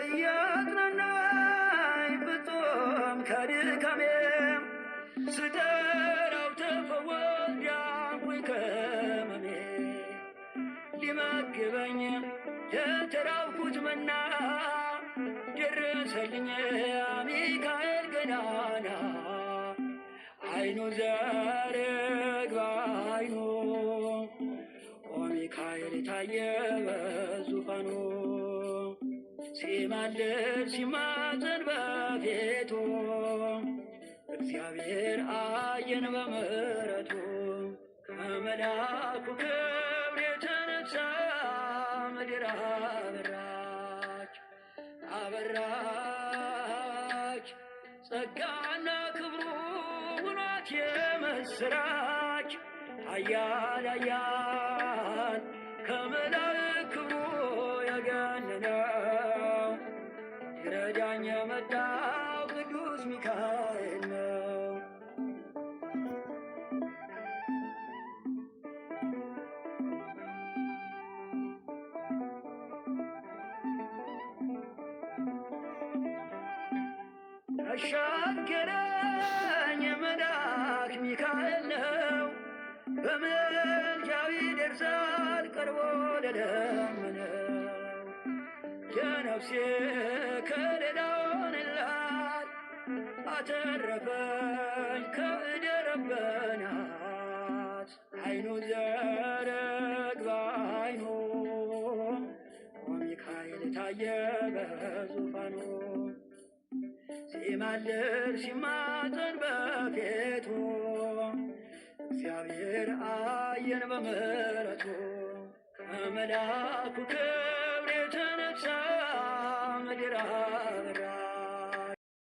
እያጽናናኝ ብጾም ከድካሜ ስጠራው ተፈወስ ዳንኩኝ ከመሜ ሊመግበኝ የተራብኩት መና ደረሰልኝ ሚካኤል ገናና አይኑ ዘርግ ሚካኤል የታየበ ዙፋኑ ሲማልድ ሲማዘን በፊቱ እግዚአብሔር አየን በምሕረቱ ከመልአኩ ክብር የተነሳ ምድር አበራች አበራች ጸጋና ክብሩ ሁናት የመስራ አያን አያን ከመላእክት ክብሩ የገነነው ይረዳኝ የመጣው ቅዱስ ሚካኤል ነው። ተሻገረ በመልጃው ይደርሳል ቀርቦ ለለመነው የነፍሴ ከሌላውን ላይ አተረፈኝ ከእደረበናት አይኑ ዘረግ ባይኑ ሚካኤል ታየ በዙፋኑ ሲማልድ ሲማጠን በፊቱ አየን በምህረቱ ከመላኩ